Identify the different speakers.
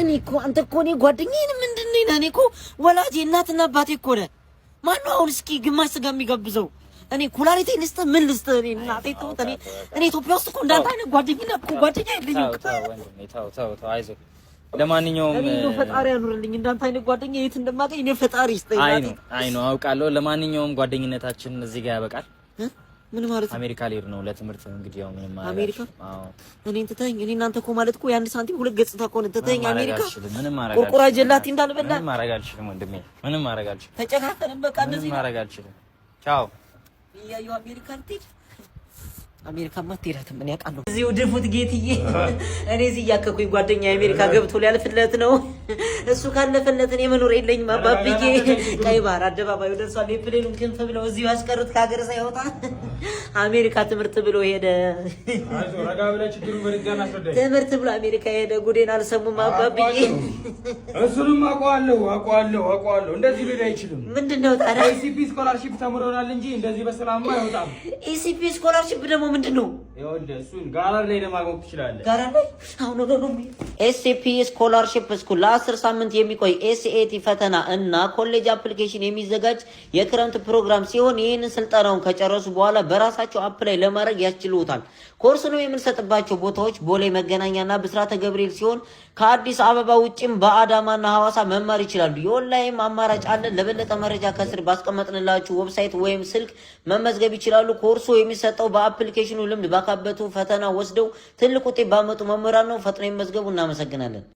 Speaker 1: እኔ እኮ አንተ እኮ እኔ ጓደኛዬን ምንድን ነኝ? እኔ እኮ ወላጅ እናትና አባቴ እኮ ነህ። ማነው አሁን እስኪ ግማሽ ስጋ የሚጋብዘው? እኔ ኩላሪቴ ልስጥህ ምን ልስጥህ? እኔ እናቴ ትሙት እኔ እኔ ኢትዮጵያ ውስጥ እኮ እንዳንተ አይነት ጓደኛ እኮ ጓደኛ የለኝም።
Speaker 2: ተው ተው ተው፣ አይዞህ። ለማንኛውም እኔ
Speaker 1: ፈጣሪ አኑርልኝ፣ እንዳንተ አይነት ጓደኛ የት እንደማገኝ እኔ ፈጣሪ ይስጠኝ።
Speaker 2: አይ ነው አይ ነው አውቃለሁ። ለማንኛውም ጓደኝነታችን እዚህ ጋር ያበቃል። ምን ማለት ነው? አሜሪካ ልሄድ ነው ለትምህርት። እንግዲህ ያው ምንም ማለት
Speaker 1: አሜሪካ። አዎ እኔን ትተኸኝ፣ እኔ እናንተ እኮ ማለት እኮ የአንድ ሳንቲም ሁለት ገጽታ እኮ ነው። ትተኸኝ አሜሪካ። ቁርቁራ ጀላቲ እንዳልበላ
Speaker 2: ምንም ማድረግ አልችልም ወንድሜ፣ ምንም ማድረግ አልችልም።
Speaker 1: ተጨካከንም በቃ እንደዚህ ምንም
Speaker 2: ማድረግ አልችልም። ቻው።
Speaker 1: እያየሁ አሜሪካ ልትሄድ አሜሪካ ማትሄዳትም እኔ አውቃለሁ። እዚህ ድፉት ጌትዬ፣ እኔ እዚህ እያከኩኝ ጓደኛዬ አሜሪካ ገብቶ ሊያልፍለት ነው። እሱ ካለፈለት እኔ መኖር የለኝም። አባብዬ ቀይ ባህር አደባባዩ ደርሷል። የፕሌኑን ክንፍ ብለው እዚሁ ያስቀሩት ከሀገር ሳይወጣ አሜሪካ ትምህርት ብሎ ሄደ። ትምህርት ብሎ አሜሪካ ሄደ። ጉዴን አልሰሙም አባብዬ።
Speaker 2: እሱንም አውቀዋለሁ አውቀዋለሁ አውቀዋለሁ። እንደዚህ ሊል አይችልም።
Speaker 1: ምንድን ነው ታዲያ?
Speaker 2: ኢሲፒ ስኮላርሺፕ ተምሮናል እንጂ እንደዚህ በሰላም አይወጣም።
Speaker 1: ኢሲፒ ስኮላርሺፕ ደግሞ ምንድን ነው?
Speaker 2: ጋራ ላይ ለማግኘት ትችላለህ።
Speaker 1: ጋራ ላይ አሁን ኢሲፒ ስኮላርሺፕ ስኩል ለአስር ሳምንት የሚቆይ ኤስኤቲ ፈተና እና ኮሌጅ አፕሊኬሽን የሚዘጋጅ የክረምት ፕሮግራም ሲሆን ይህንን ስልጠናውን ከጨረሱ በኋላ በራሳቸው አፕላይ ለማድረግ ያስችሉታል። ኮርሱንም የምንሰጥባቸው ቦታዎች ቦሌ መገናኛና ብስራተ ገብርኤል ሲሆን ከአዲስ አበባ ውጭም በአዳማና ሐዋሳ መማር ይችላሉ። የኦንላይን አማራጭ አለን። ለበለጠ መረጃ ከስር ባስቀመጥንላችሁ ዌብሳይት ወይም ስልክ መመዝገብ ይችላሉ። ኮርሱ የሚሰጠው በአፕሊኬሽኑ ልምድ ባካበቱ ፈተና ወስደው ትልቅ ውጤት ባመጡ መምህራን ነው። ፈጥኖ ይመዝገቡ። እናመሰግናለን።